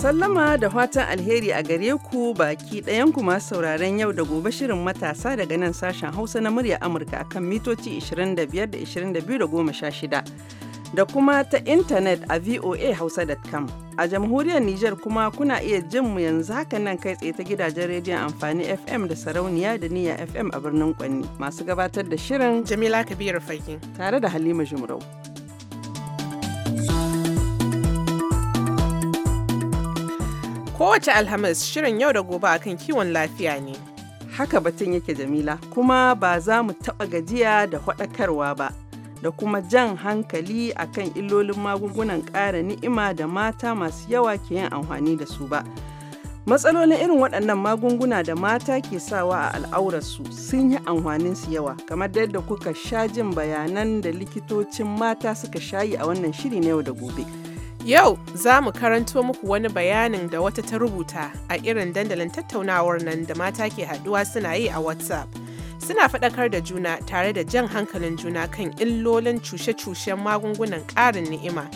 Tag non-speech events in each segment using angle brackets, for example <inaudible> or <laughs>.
Sallama da fatan alheri a gare ku baki ɗayanku masu sauraron yau da gobe shirin matasa daga nan sashen Hausa na murya Amurka a kan mitoci 25 da 22 da 16. Da kuma ta intanet a voahausa.com. A jamhuriyar Nijar kuma kuna iya jin mu yanzu haka nan kai tsaye ta gidajen rediyon amfani FM da sarauniya da niya FM a birnin Kwanni. Masu gabatar da shirin Jamila Kabiru Fagin. Tare da Halima Jumrau. Kowace Alhamis shirin yau da gobe akan kiwon lafiya ne. Haka batun yake Jamila, kuma ba za mu taɓa gajiya da faɗakarwa ba, da kuma jan hankali akan illolin magungunan ƙara ni'ima da mata masu yawa ke yin amfani da su ba. Matsalolin irin waɗannan magunguna da mata ke sawa a al'aurarsu sun yi amfanin su yawa, kamar yadda kuka sha jin bayanan da likitocin mata suka shayi a wannan shiri na yau da gobe. Yau za mu karanto muku wani bayanin da wata ta rubuta a irin dandalin tattaunawar nan da mata ke haɗuwa suna yi a WhatsApp. Suna faɗakar da juna tare da jan hankalin juna kan illolin cushe-cushen magungunan ƙarin ni'ima.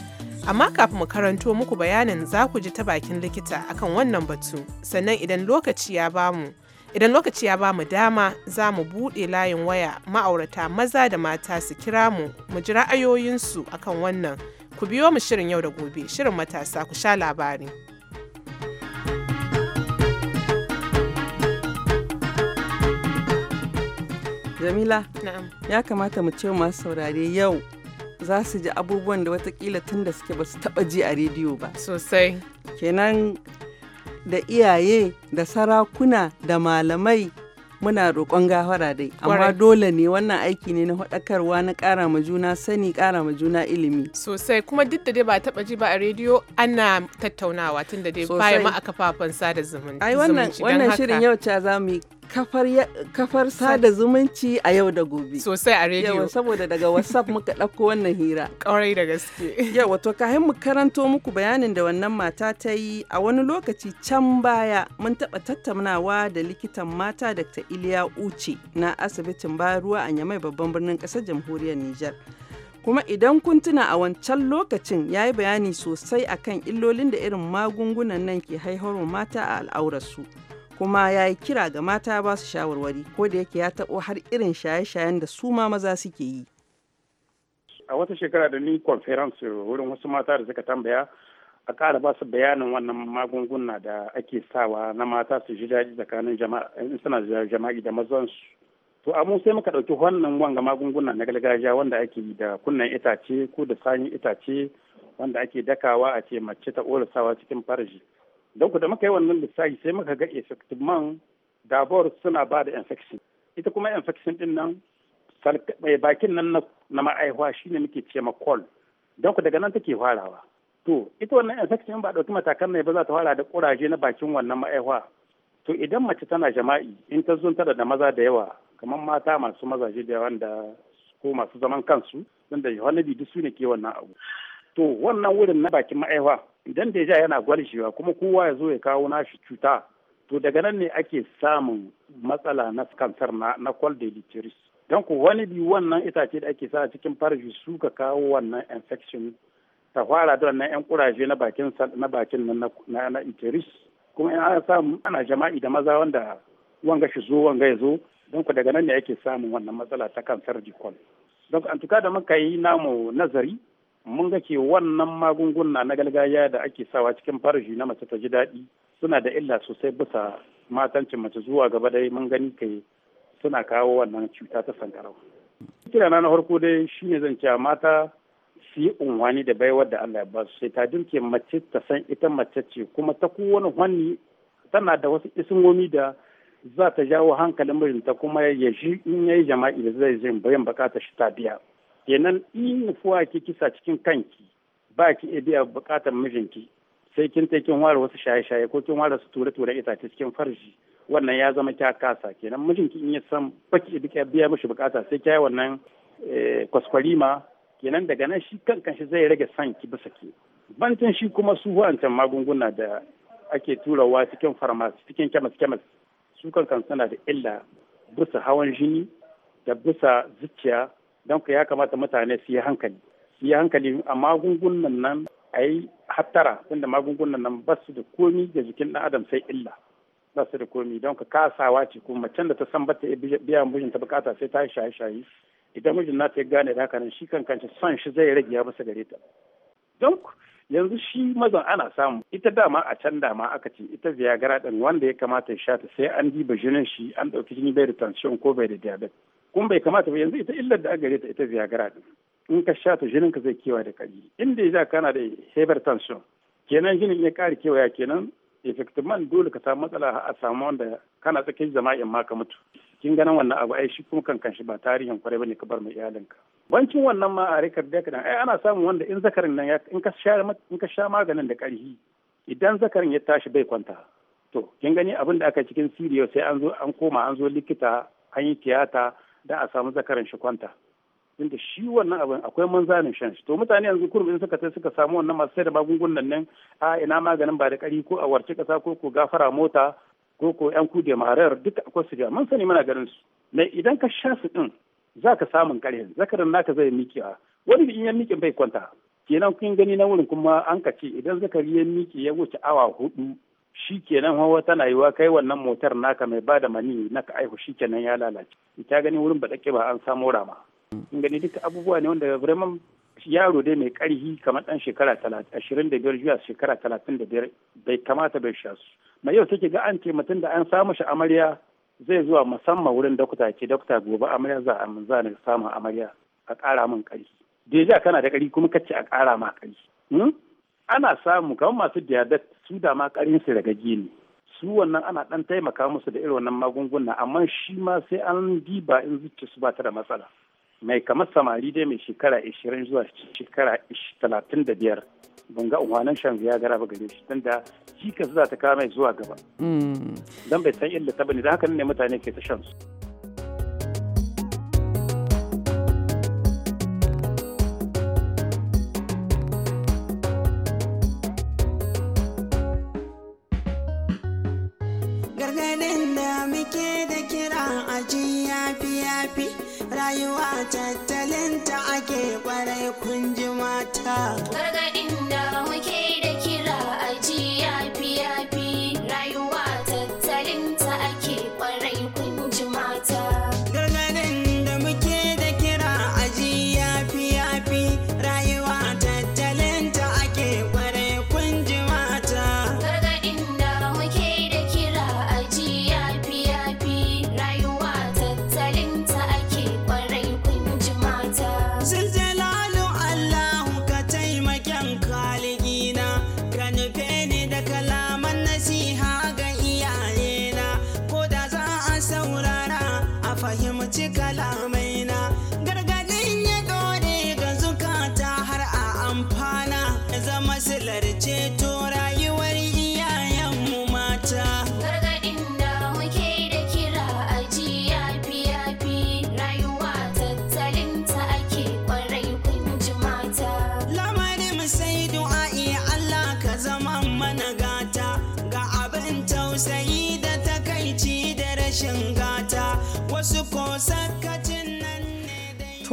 Amma kafin mu karanto muku bayanin za ku ji ta bakin likita akan wannan batu, sannan idan lokaci ya bamu. Idan lokaci ya ba mu dama za mu buɗe layin waya ma'aurata maza da mata su kira mu mu ji ra'ayoyinsu akan wannan Ku biyo mu shirin yau da gobe, shirin matasa ku sha labari. Jamila, ya kamata mu ce masu saurare yau za su ji abubuwan da watakila tun da suke ba su taba ji a rediyo ba. Sosai. Kenan da iyaye da sarakuna da malamai muna roƙon gafara dai amma dole ne wannan aiki ne na haɗakarwa na ƙara ma juna sani ƙara ma juna ilimi sosai kuma duk da dai ba taɓa ji ba a rediyo ana tattaunawa tunda dai bayan ma a kafafen sada zumunci ai wannan wannan shirin yau ca za kafar sada zumunci a yau da gobe. Sosai a rediyo. Yawa saboda daga WhatsApp muka ɗauko wannan hira. <laughs> Ƙwarai da gaske. Yawa to kahin mu karanto muku bayanin da wannan mata ta yi a wani lokaci can baya mun taɓa tattaunawa da likitan mata Dr. Iliya Uce na asibitin Baruwa a Nyamai babban birnin ƙasar jamhuriyar Nijar. kuma idan kun tuna a wancan lokacin ya yi bayani sosai akan illolin da irin magungunan nan ke haiharwa mata a al'aurarsu. su. kuma ya yi kira ga mata ba su shawarwari ko da yake ya taɓo har irin shaye-shayen da su ma maza suke yi. A wata shekara da ni conference wurin wasu mata da suka tambaya a ƙara ba su bayanin wannan magunguna da ake sawa na mata su ji daji tsakanin suna jama'i da mazansu. To amma sai muka ɗauki wannan wanga magunguna na gargajiya wanda ake yi da kunnan itace ko da sanyin itace wanda ake dakawa a ce mace ta ƙorasawa cikin farji. Don ku da muka yi wannan lissafi sai muka ga effectivement dabor suna ba da infection. Ita kuma infection din nan eh, bakin nan na ma'aihuwa shi ne muke ce call. Don ku daga nan take farawa. To ita wannan infection ba ɗauki matakan ne ba za ta fara da kuraje na bakin wannan ma'aihuwa. To idan mace tana jama'i in ta zo da maza da yawa kamar mata masu mazaje da yawa da ko masu zaman kansu wanda yohanabi duk su ne ke wannan abu. To wannan wurin na bakin ma'aihuwa idan da ja yana gwalishewa kuma kowa ya zo ya kawo nashi cuta to daga nan ne ake samun matsala na kansar na col de litiris don ku wani biyu wannan itace da ake sa cikin farji su ka kawo wannan infection ta fara da wannan yan kuraje na bakin na bakin nan na na itiris kuma in ana samu ana jama'i da maza wanda wanga shi zo wanga ya zo don ku daga nan ne ake samun wannan matsala ta kansar jikon don an tuka da muka yi namu nazari mun ga ke wannan magunguna na gargajiya da ake sawa cikin farashi na mace ta ji daɗi suna da illa sosai bisa matancin mace zuwa gaba dai mun gani kai suna kawo wannan cuta ta sankarau. Kirana na farko dai shine zan cewa mata su yi unwani da baiwar da Allah ya ba su sai ta dinke mace ta san ita mace ce kuma ta kowane wani tana da wasu isingomi da za ta jawo hankalin mijinta kuma ya ji in ya yi jama'i da zai zai bayan bukatar shi ta biya. kenan in fuwa kisa cikin kanki ba ki iya biya bukatar mijinki sai kin ta kin ware wasu shaye-shaye ko kin ware su ture-ture ta cikin farji wannan ya zama kya kasa kenan mijinki in ya san ba ki iya biya mishi bukata sai kya wannan eh, kwaskwarima kenan daga nan shi kan kanshi zai rage san ki bisa ke bantin shi kuma su wa'ancan magunguna da ake turawa cikin farmasi cikin kemis kemis su kan suna da illa bisa hawan jini da bisa zuciya don ya kamata mutane su yi hankali su yi hankali a magungunan nan a yi hattara tunda magungunan nan ba su da komi da jikin ɗan adam sai illa ba su da komi don ka kasawa ce kuma macen da ta san bata biya mijin ta bukata sai ta yi shaye-shaye idan mijin na ta gane da nan shi kan son shi zai rage ya masa gare ta don yanzu shi mazan ana samu ita dama a can dama aka ce ita viagra din wanda ya kamata ya sha ta sai an diba jinin shi an ɗauki jini bai da tension ko bai da diabetes kun bai kamata ba yanzu ita illar da agare ta ita viagra din in ka sha ta jinin ka zai kewa da kari inda ya kana da hypertension kenan jinin ya kare kewaya kenan man dole ka samu matsala a samu wanda kana tsakin jama'in ma ka mutu kin ganin wannan abu ai shi kuma kan kanshi ba tarihin kwarai bane ka bar mai iyalinka bancin wannan ma a rikar da kadan ai ana samun wanda in zakarin nan in ka sha in ka sha maganin da karhi idan zakarin ya tashi bai kwanta to kin gani abin da aka cikin studio sai an zo an koma an zo likita an yi tiyata da a samu zakaran shi kwanta inda shi wannan abin akwai manzanin shan shi to mutane yanzu kurum in suka tai suka samu wannan masu sai da magungunan nan a ina maganin ba da kari ko a warce kasa ko ko gafara mota ko ko yan kude marar duka akwai su mun sani muna ganin su na idan ka sha su din ka samun kare zakaran naka zai miki a wani in ya miki bai kwanta kenan kun gani na wurin kuma an ka ce idan zakari ya miki ya wuce awa hudu shi kenan hawa tana yiwa kai wannan motar naka mai bada mani naka aihu shi kenan ya lalace ita gani wurin ba ba an samo rama in gani duka abubuwa ne wanda vraiment yaro dai mai karhi kamar ɗan shekara ashirin da biyar zuwa shekara talatin da biyar bai kamata bai sha su ma yau take ga an ce mutum da an samu shi amarya zai zuwa musamman wurin dokta ke dokta gobe amarya za a za ni samun amarya a ƙara min ƙarfi. deja kana da ƙarfi kuma kace a ƙara ma ƙarfi. Hmm? ana samu kamar masu diyadat su da ma karin su daga gini su wannan ana dan taimaka musu da irin wannan magunguna amma shi ma sai an diba in zuci su ba ta da matsala mai kamar samari dai mai shekara 20 zuwa shekara 35 ban ga shan ya gara ba gare shi don da cikas za ta kama zuwa gaba hmm. don bai san illa ta bane da haka ne mutane ke ta shan su rayuwa tattalinta ake kwarai kunji mata gargaɗin da muke da kira a ji yafi yafi fahimci kalaman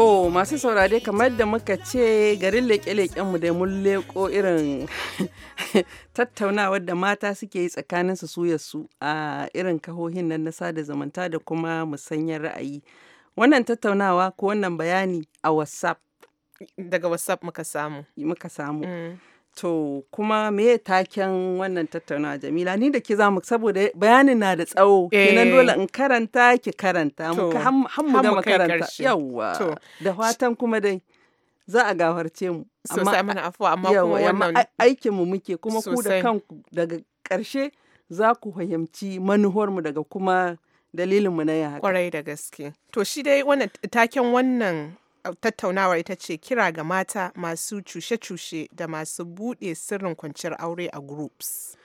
To masu saurare kamar da muka ce garin leƙe mu da mun leƙo irin <laughs> tattaunawar da mata suke yi tsakanin su su a irin kahohin nan na sada zamanta da kuma musanyar ra'ayi. Wannan tattaunawa ko wannan bayani a WhatsApp. Daga WhatsApp muka samu. Mm. To kuma me taken wannan tattaunawa Jamila ni da ke zamu saboda bayanin na da tsawo kenan eh. dole in karanta ki karanta mu har mu gama karanta yawa da fatan kuma dai za a gafarce mu sosai mana afuwa amma kuma wannan aikin mu muke kuma ku da kanku daga karshe za ku fahimci manuhar mu daga kuma dalilin mu na ya haka kwarai da gaske to shi dai wannan taken wannan tattaunawar ita ce kira ga mata masu cushe-cushe da masu buɗe sirrin kwanciyar aure a groups.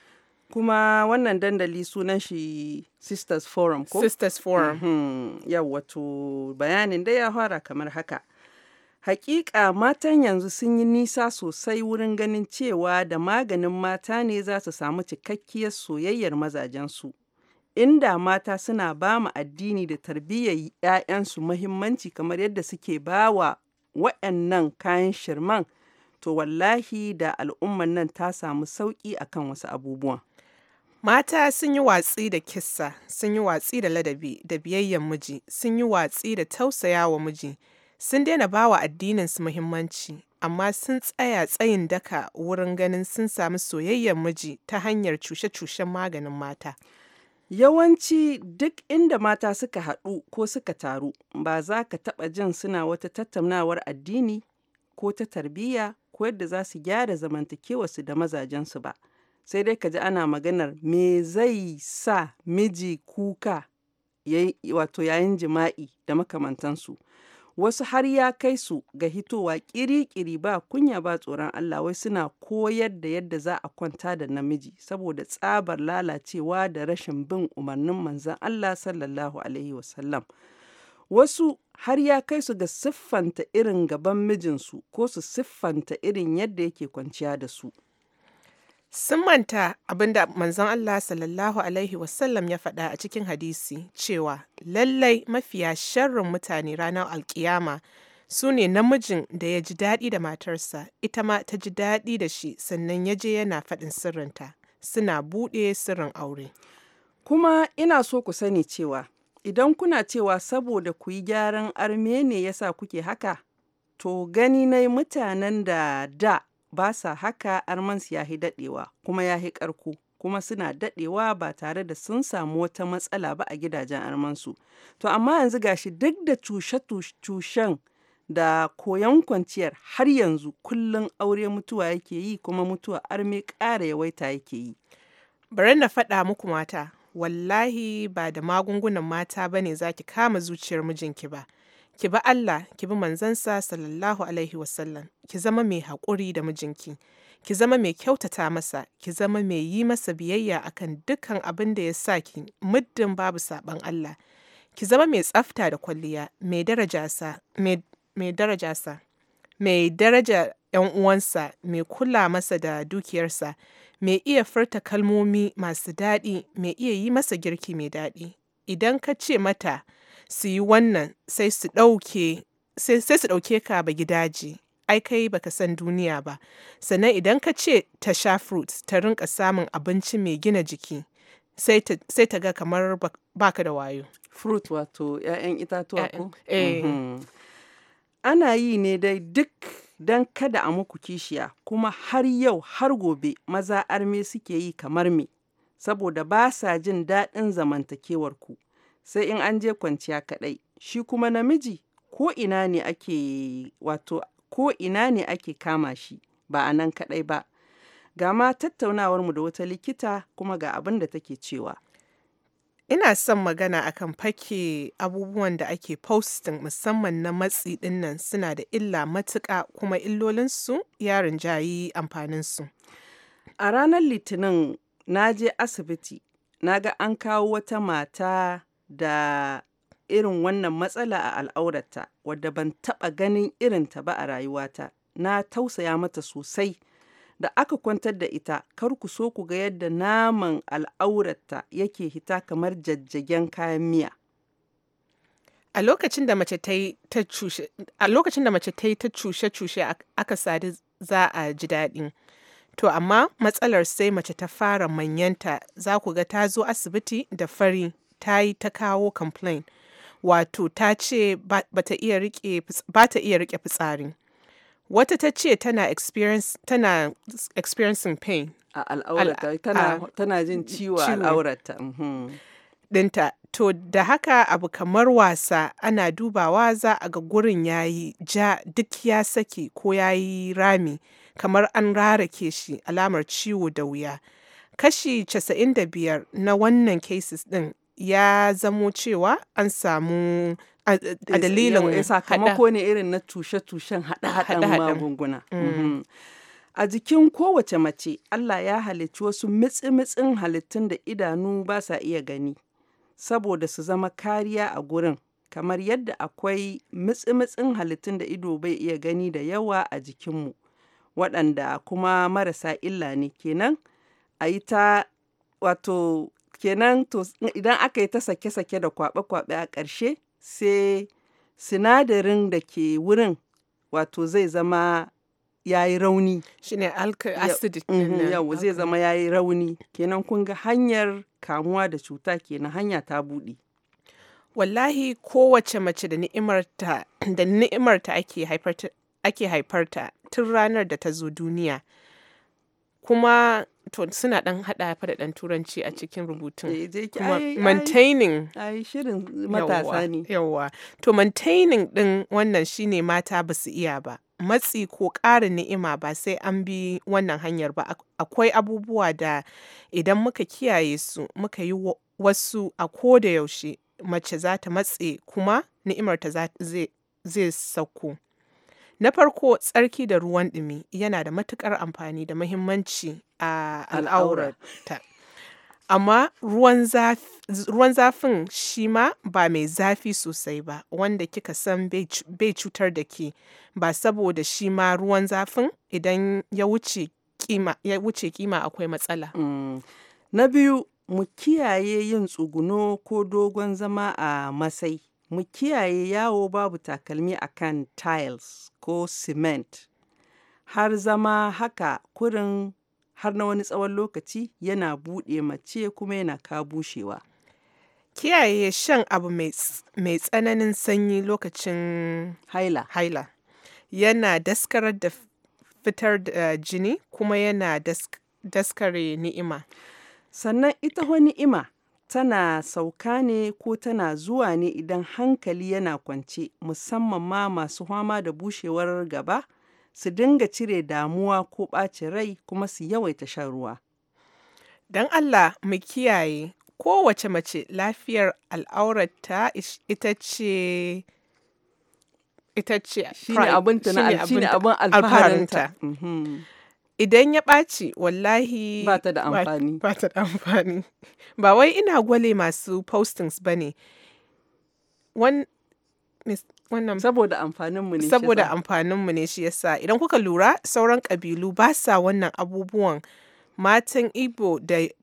kuma wannan dandali sunan shi sisters forum ko? sisters forum mm -hmm. wato bayanin da ya fara kamar haka hakika matan yanzu sun yi nisa sosai wurin ganin cewa da maganin mata ne za su samu cikakkiyar soyayyar mazajensu inda mata suna ba mu addini da tarbiyyar 'ya'yansu muhimmanci kamar yadda suke ba wa waɗannan kayan shirman to wallahi da al'ummar nan ta samu sauƙi a kan wasu abubuwan. Mata sun yi watsi da kissa, sun yi watsi da ladabi da biyayyen miji, sun yi watsi da tausaya wa miji, sun daina ba wa addininsu muhimmanci, amma sun tsaya tsayin daka wurin ganin sun sami soyayyen miji ta hanyar cushe-cushen maganin mata. Yawanci duk inda mata suka haɗu ko suka taru, ba za ka taɓa jin suna wata tattaunawar addini ko ta tarbiyya ko yadda za su gyara zamantakewarsu da mazajensu ba. Sai dai ka ji ana maganar me zai sa miji kuka wato yayin jima'i da makamantansu. wasu har ya kai su ga hitowa kiri-kiri ba kunya ba tsoron Allah wai suna koyar da yadda za a kwanta da namiji saboda tsabar lalacewa da rashin bin umarnin manzan Allah sallallahu alaihi wasallam wasu har ya kai su ga siffanta irin gaban mijinsu ko su siffanta irin yadda yake kwanciya da su sun manta abinda manzon Allah sallallahu alaihi wasallam ya faɗa a cikin hadisi cewa lallai mafiya sharrin mutane ranar alkiyama su ne namijin da ya ji daɗi da matarsa ita ma ta ji daɗi da shi sannan ya je yana faɗin sirrinta suna buɗe sirrin aure kuma ina so ku sani cewa idan kuna cewa saboda ku yi gyaran arme ne yasa kuke haka to gani na mutanen da da ba sa haka armans ya hi daɗewa kuma ya yi ƙarko kuma suna daɗewa ba tare da sun samu wata matsala ba a gidajen armansu to amma yanzu gashi duk da cushe-cushen da koyon kwanciyar har yanzu kullum aure mutuwa yake yi kuma mutuwa arme ƙara yawaita yake yi bari na faɗa muku mata wallahi ba da magungunan mata ba ne za ki kama zuciyar mijinki ba ki bi Allah ki bi manzansa sallallahu alaihi wasallam ki zama mai haƙuri da mijinki ki zama mai kyautata masa ki zama mai yi masa biyayya akan dukkan abin da ya sa ki muddin babu saɓan Allah ki zama mai tsafta da kwalliya mai daraja sa mai daraja sa mai daraja ‘yan uwansa mai kula masa da dukiyarsa mai iya furta kalmomi masu daɗi mai iya yi masa girki mai daɗi idan ka ce mata su yi wannan sai su ɗauke sai su ɗauke ka ba gidaje ai kai baka san duniya ba sannan idan ka ce ta sha fruits ta rinka samun abinci mai gina jiki sai ta ga kamar baka da wayo fruit wato 'ya'yan itatuwa ko eh. mhm. ana yi ne dai duk don kada a muku kishiya kuma har yau har gobe maza arme suke yi kamar me saboda ba sa jin daɗin zamantakewar ku sai in an je kwanciya kaɗai shi kuma namiji ko ina ne ake wato ko ina ne ake kama shi ba a nan kaɗai ba ga ma tattaunawarmu da wata likita kuma ga abin da take cewa ina son magana akan fake abubuwan da ake postin musamman na matsi dinnan suna da illa matuka kuma illolinsu ya rinjayi amfaninsu a ranar litinin na je asibiti na ga an kawo wata mata da irin wannan matsala a al'aurarta wadda ban taɓa ganin irinta ba a rayuwata na tausaya mata sosai da aka kwantar da ita kar ku so ku ga yadda naman al'aurarta yake hita kamar jajjagen kayan miya a lokacin da mace ta yi ta cushe-cushe aka sadu za a ji daɗi to amma matsalar sai mace ta fara manyanta za ku ga ta zo asibiti da fari ta yi ta kawo complain wato ta ce ba ta iya rike fitsari wata ta ce tana experiencing pain a al'aurata tana, jin ciwo a al'aurata dinta mm-hmm. to da haka abu kamar wasa ana dubawa za a ga gurin yayi ja duk ya sake ko ya yi rami kamar an rarake shi alamar ciwo da wuya kashi 95 na wannan cases din ya zamo cewa an samu a dalilin sakamako ne irin na tushe-tushen haɗe-haɗen magunguna. Mm. Mhm. A jikin kowace mace, Allah ya halicci wasu mitsi-mitsin halittun da idanu ba sa iya gani, saboda su zama kariya a gurin, kamar yadda akwai mitsi-mitsin halittun da ido bai iya gani da yawa a jikinmu, waɗanda kuma marasa illa ne kenan, a yi ta wato kenan to idan aka yi ta sake-sake da kwaɓe-kwaɓe a ƙarshe sai sinadarin da ke wurin wato zai zama ya yi rauni shine mhm, yau zai zama ya yi rauni kenan kun ga hanyar kamuwa da cuta kenan hanya ta buɗe wallahi kowace mace da ni'imarta ake haifarta tun ranar da ta zo duniya kuma to suna dan hada faɗaɗan turanci a cikin rubutun eh, kuma maintaining ai shirin matasa ne yawa to maintaining din wannan shine mata ba su iya ba matsi ko ƙarin ni'ima ba sai an bi wannan hanyar ba akwai abubuwa da idan muka kiyaye su muka yi wasu a ko da yaushe mace za ta matse kuma ni'imar ta zai sauko Na farko tsarki da ruwan ɗumi yana da matuƙar amfani da mahimmanci a al'aurata. Amma ruwan zafin shi ma ba mai zafi sosai ba, wanda kika san bai cutar da ke ba saboda shi ma ruwan zafin idan ya wuce kima, akwai matsala. Mm. Na biyu, mu kiyaye yin tsuguno ko dogon zama a masai mu kiyaye yawo babu takalmi a kan tiles ko cement har zama haka kurin har na wani tsawon lokaci yana buɗe mace kuma yana kabushewa. Kiyaye shan abu mai tsananin sanyi lokacin haila. haila yana daskarar da fitar da eh, jini kuma yana daskare ni'ima. Sannan ita wani ni'ima tana sauka ne ko tana zuwa ne idan hankali yana kwance musamman ma masu hama da bushewar gaba su dinga cire damuwa ko ɓaci rai kuma su yawaita shan ruwa. Don Allah mu kiyaye kowace mace lafiyar al'aurata ita ce ita ce shine abin alfaharinta. Mhm. idan ya ɓaci wallahi ba ta da amfani ba ta da amfani ba wai ina gwale masu postings ba ne wannan saboda amfaninmu ne saboda amfaninmu ne shi yasa idan kuka lura sauran kabilu ba sa wannan abubuwan matan igbo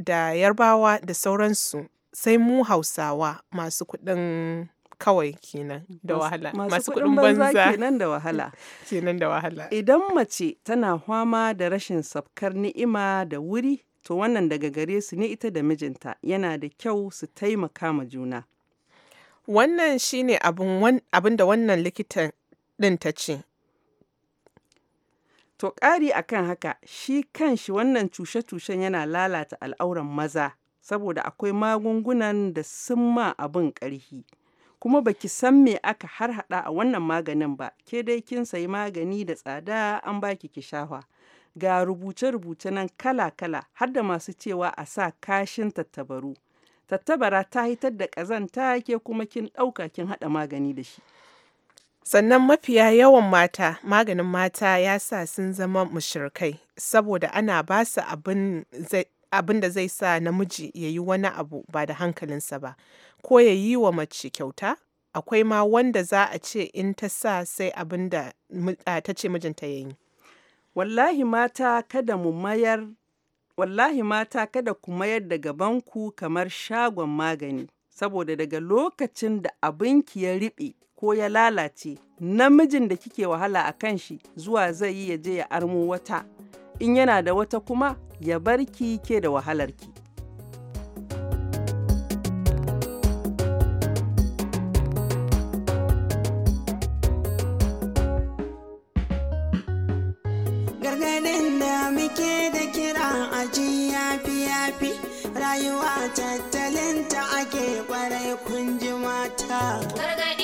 da, yarbawa da sauransu sai mu hausawa masu kuɗin kawai kenan da wahala masu kuɗin banza kenan da wahala <laughs> kenan da wahala idan mace tana fama da rashin sabkar ni'ima da wuri to wannan daga gare su ne ita da mijinta yana da kyau su taimaka ma juna wannan shine abin da wannan likitan ɗin ta ce to ƙari akan haka shi kanshi wannan cushe-cushen yana lalata al'auran maza saboda akwai magungunan da sun ma abin ƙarfi kuma baki san me aka har harhaɗa a wannan maganin ba ke dai kin sayi magani da tsada an baki ki shafa ga rubuce-rubuce nan kala-kala har da masu cewa a sa kashin tattabaru tattabara ta hitar da ƙazanta ke kuma kin ɗauka kin haɗa magani da shi sannan mafiya yawan mata maganin mata ya sa sun zama mushirkai, saboda ana ba su abin abin da zai sa namiji ya yi wani abu ba da hankalinsa ba ko ya yi wa mace kyauta akwai ma wanda za a ce in ta sa sai abin da ta ce mijinta ya yi wallahi mata kada mu mayar wallahi mata ku mayar da gabanku kamar shagon magani saboda daga lokacin da abinki ya riɓe ko ya lalace namijin da kike wahala a kan shi zuwa zai yi ya je ya armo wata in yana da wata kuma ya ki ke da wahalarki. Gargaɗin da muke da kira a yafi-yafi rayuwa tattalinta ake kwarai kun ji mata.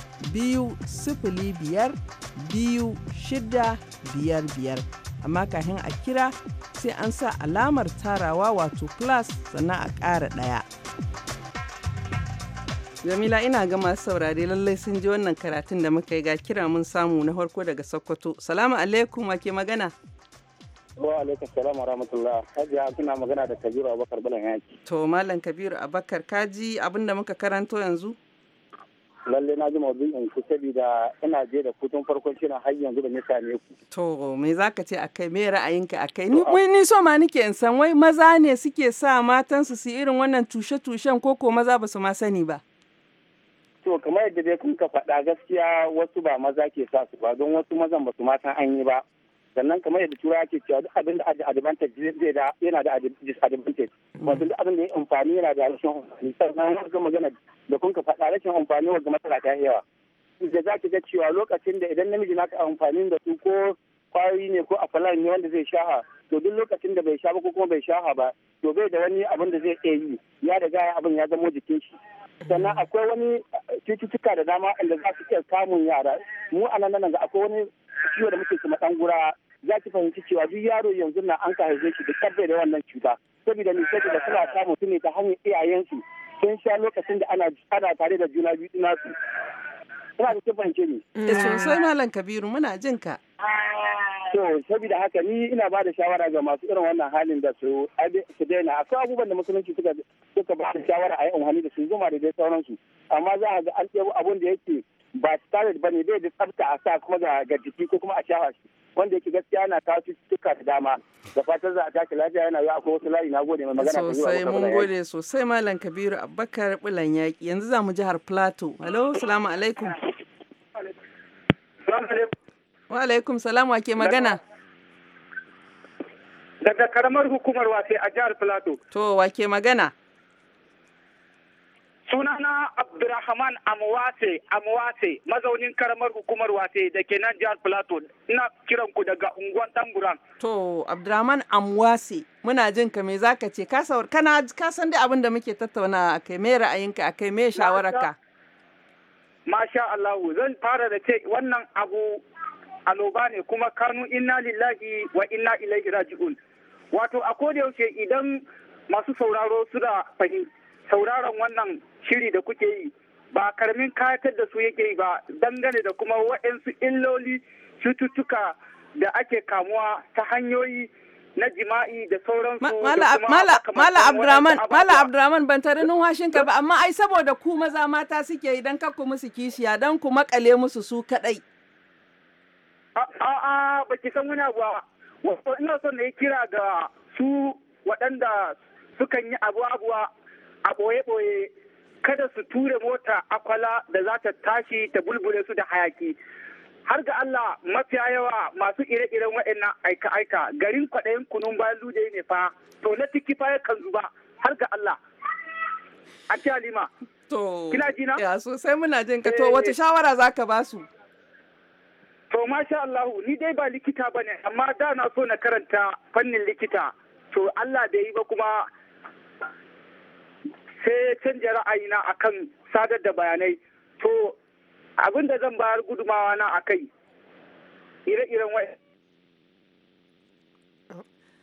biyu sifili biyar biyu shida biyar biyar amma kafin a kira sai an sa alamar tarawa wato plus sannan a ƙara ɗaya. Jamila ina ga masu saurare lallai sun ji wannan karatun da muka yi ga kira mun samu na farko daga Sokoto. Salamu alaikum wake magana. Wa alaikum salam wa rahmatullah. ya kuna magana da Kabiru Abubakar Balan yaki. To Malam Kabiru Abubakar kaji abinda muka karanto yanzu? lalle na ji maudu'in ku saboda ina je da kutun farkon shirin har yanzu da ni same ku to me za ka ce akai me ra'ayinka akai ni ni so ma nike in san wai maza ne suke sa matan su su irin wannan tushe tushen koko maza ba su ma sani ba to kamar yadda dai kun ka faɗa gaskiya wasu ba maza ke sa su ba don wasu mazan ba su san an yi ba sannan kamar yadda tura ke cewa duk abin da advantage zai da yana da disadvantage mm. wato duk abin da ya amfani yana da rashin amfani sannan ga magana da kun ka faɗa rashin amfani gama tara ta yawa da za ki ga cewa lokacin da idan namiji na ka amfani da su ko kwayoyi ne ko afalan ne wanda zai ha. to duk lokacin da bai sha ba ko kuma bai ha ba to bai da wani abin da zai iya yi ya riga gaya abin ya zamo jikin shi sannan akwai wani cututtuka da dama inda za su iya samun yara mu a nan nan akwai wani ciwo da muke kuma dan gura za ki fahimci cewa duk yaro yanzu na an haife shi da tabbai da wannan cuta saboda ni da suna samun su ne ta hanyar iyayensu sun sha lokacin da ana ana tare da juna biyu su ina da kin fahimce ni mm. eh, sosai malam kabiru muna jin ka to saboda haka ni ina ba da shawara ga masu irin wannan halin da su su daina akwai abubuwan da musulunci suka suka ba da shawara a yi amfani da su zuma da dai sauransu amma za a ga an abun da yake ba standard ba ne bai da tsafta a sa kuma ga jiki ko kuma a shafa shi wanda yake gaskiya yana kawo cututtuka da dama da fatan za a tashi lafiya yana zuwa akwai wasu layi na gode mai magana ta sosai mun gode sosai malam kabiru abubakar bulan yaki yanzu za mu jihar plateau hello salamu alaikum wa alaikum salam wa ke magana daga karamar hukumar wasai a jihar plateau to wa ke magana sunana Abdurrahman Amwase Amwase mazaunin karamar hukumar wate da ke nan jihar Plateau ina kiran ku daga unguwan Tanguran. To Abdurrahman Amwase muna jin ka me zaka ce ka kana ka san dai abin da muke tattauna kai me ra'ayinka akai me shawararka. Masha Allah zan fara da ce wannan abu annoba ne kuma kanu inna lillahi wa inna ilaihi raji'un. Wato a koda yaushe idan masu sauraro suna fahimci sauraron wannan shiri da kuke yi ba karamin kayatar da su yake yi ba dangane da kuma waɗansu illoli cututtuka da ake kamuwa ta hanyoyi na jima'i da sauransu mala abdurrahman mala ban tare ka ba amma ai saboda ku maza mata suke idan ka ku musu kishiya dan ku makale musu su kadai a a baki san wani abuwa wato ina son na yi kira ga su waɗanda sukan yi abuwa a ɓoye-ɓoye kada su ture mota akwala da za ta tashi ta bulbule su da hayaki har ga Allah mafiya yawa masu ire-iren waɗannan aika-aika garin kwaɗayin kunun bayan lude ne fa to na tiki fa yakan zuba har ga Allah a ce Halima kina ji na ya sosai muna jin ka to eh. wace shawara zaka ba su to masha Allah ni dai ba likita bane amma da na so na karanta fannin likita to Allah bai yi ba kuma sai ya canja ra'ayina akan sadar da bayanai to abin da zan bayar gudumawa na a kai ire-iren wai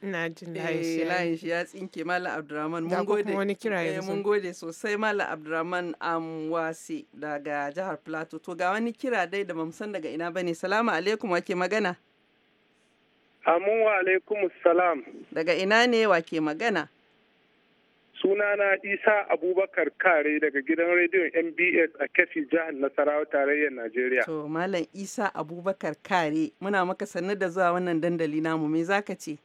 na jin eh, layin shi ya tsinke mala Abdurrahman mun gode wani kira eh, yanzu mun gode sosai mala Abdurrahman Amwasi daga jihar Plateau to ga wani kira dai da mamsan daga ina bane salamu alaikum wake magana amun wa alaikum salam daga ina ne wake magana sunana isa abubakar kare daga gidan rediyon mbs a kefi jihar nasarawa tarayyar najeriya to malam isa abubakar kare muna maka sannu da zuwa wannan dandali namu me zaka ce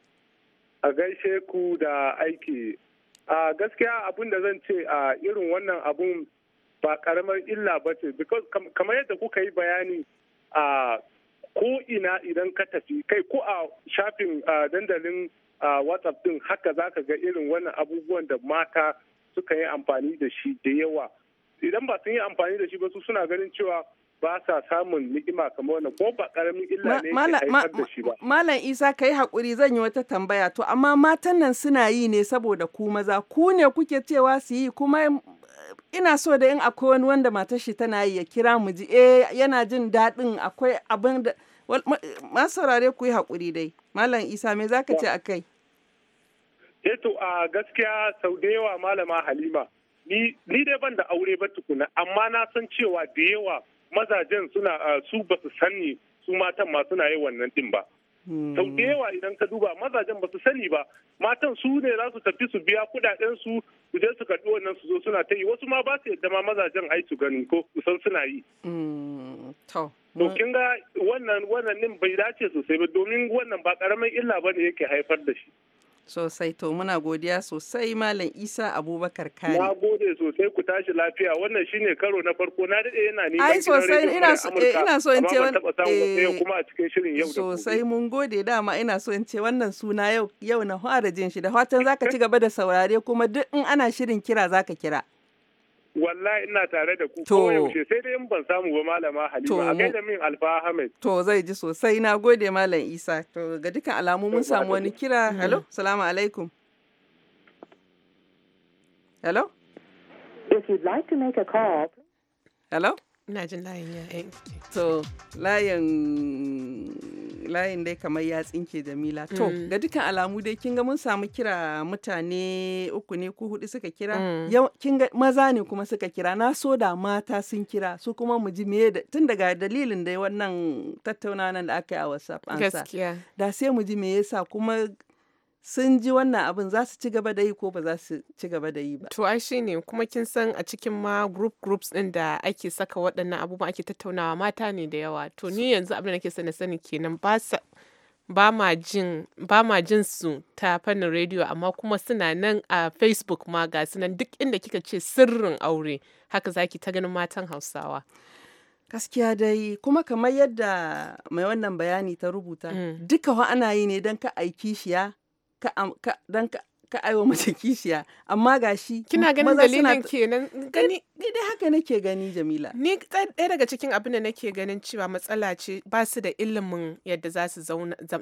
a gaishe ku da aiki a gaskiya abin da zan ce a irin wannan abun ba karamar illa ba ce kamar yadda kuka yi bayani a ko ina idan ka tafi kai ko a shafin dandalin a whatsapp din haka za ka ga irin wannan abubuwan da mata suka yi amfani da shi da yawa idan ba sun yi amfani da shi ba su suna ganin cewa ba sa samun ni'ima kamar wannan ko ba karamin illa ne ke haifar da shi ba malam isa yi hakuri zan yi wata tambaya to amma matan nan suna yi ne saboda ku maza ku ne kuke cewa su yi kuma ina so da in akwai wani wanda matar shi tana yi ya kira mu ji eh yana jin daɗin akwai abin da masu saurare ku yi hakuri dai Malam Isa me zaka ce kai? Eto eh a gaskiya sau da yawa malama Halima. Ni dai ban da aure ba tukuna amma na san cewa da yawa mazajen suna su ba su sani su matan ma suna yi wannan din ba. sau da yawa idan ka duba mazajen ba su sani ba matan su ne za su tafi su biya kudaden su su je su karbi wannan su zo suna ta yi wasu ma ba su yadda ma mazajen ai su gani ko kusan suna yi mm, to kin ga wannan wannan din bai dace sosai ba domin wannan ba karamin illa bane yake haifar da shi Sosai to muna godiya sosai Malam Isa Abubakar Kari. Na gode sosai ku tashi lafiya wannan shine karo na farko na dade yana neman Ai sosai ina so eh, ina so in ce wannan eh, kuma a cikin shirin yau Sosai mun gode dama ina so in ce wannan suna yau yau na fara jin shi da fatan zaka ci gaba da saurare kuma duk in ana shirin kira zaka kira. wallahi ina tare da ku ko yaushe sai dai in ban samu ba malama halima a gaida min alfa ahmed to zai ji sosai na gode malam isa to ga dukkan alamu mun samu wani kira mm-hmm. hello salamu alaikum hello if you'd like to make a call hello ina jin layin ya eh. to layin layin dai kamar ya tsinke jamila to mm. ga dukkan alamu dai kin ga mun samu kira mutane uku ne ko hudu suka kira mm. kin ga maza ne kuma suka kira na so da mata sun kira su kuma mu ji me tun daga dalilin da wannan tattaunawa da aka yi a whatsapp ansa da sai mu ji me yasa kuma sun ji wannan abin za su ci gaba da yi ko ba za su ci gaba da yi ba. To ai shi ne kuma kin san a cikin ma group groups din da ake saka waɗannan abubuwa ake tattaunawa mata ne da yawa. To ni yanzu abin da nake sani sani kenan ba sa ba ma jin su ta fannin rediyo amma kuma suna nan a Facebook ma ga nan. duk inda kika ce sirrin aure haka zaki ta ganin matan Hausawa. gaskiya dai kuma kamar yadda mai wannan bayani ta rubuta mm. duka wa ana yi ne don ka aiki shiya dan ka aiwa mace <laughs> kishiya amma ga shi kina ganin dalilin kenan gani dai haka nake gani jamila ni ɗaya daga cikin abin da nake ganin cewa matsala ce ba su da ilimin yadda za su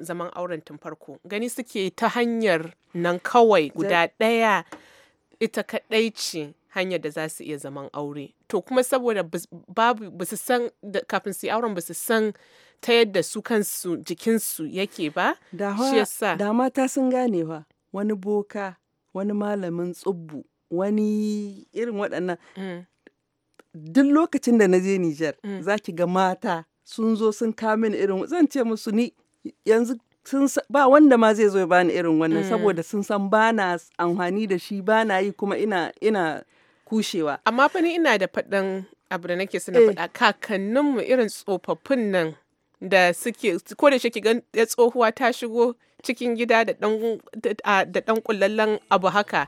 zaman auren tun farko gani suke ta hanyar nan kawai guda ɗaya ita kaɗai ce hanyar da za su iya zaman aure to kuma saboda babu ba su san kafin su yi auren ba su san ta yadda su kansu jikinsu yake ba da mata sun gane ba, wani boka wani malamin tsubbu wani irin waɗannan mm. duk lokacin da na je Nijar mm. za ki ga mata sun zo sun kamin irin zan ce musu ni yanzu sun ba wanda ma zai zo ya bani irin wannan mm. saboda sun san bana amfani da shi bana yi kuma ina ina kushewa amma fa ni ina da faɗan abu da nake suna eh. faɗa kakanninmu irin tsofaffin nan da suke ko da shi gan tsohuwa ta shigo cikin gida da dan kullallen abu haka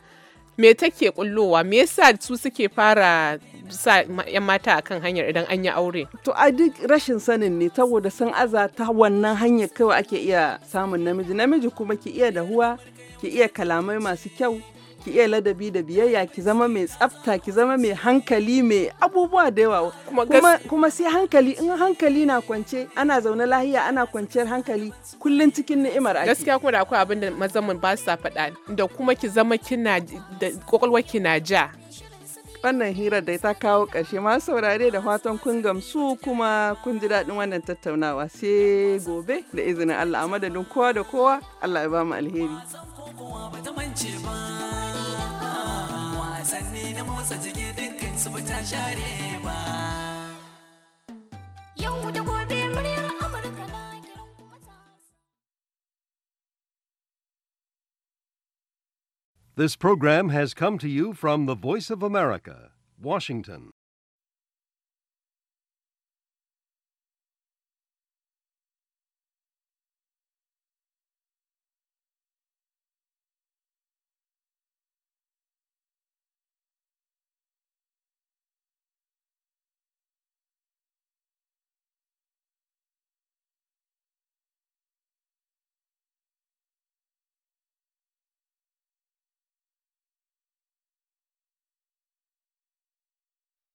me take kullowa me yasa su suke fara sa yan mata akan hanyar idan an yi aure to a duk rashin sanin ne saboda sun aza ta wannan hanyar kawai ake iya samun namiji namiji kuma ke iya dahuwa ke iya kalamai masu kyau ki iya ladabi da biyayya ki zama mai tsafta ki zama mai hankali mai abubuwa da yawa kuma, sai hankali in hankali na kwance ana zaune lahiya ana kwanciyar hankali kullun cikin ni'imar ake gaskiya kuma da akwai abin da mazan ba sa faɗa da kuma ki zama kina da ki kina ja wannan hirar da ta kawo ƙarshe masu saurare da fatan kun gamsu kuma kun ji daɗin wannan tattaunawa sai gobe da izinin Allah a madadin kowa da kowa Allah ya ba mu alheri. wasanni na motsa jiki dukkan su share ba yau da gobe muryar amurka na This program has come to you from the Voice of America, Washington.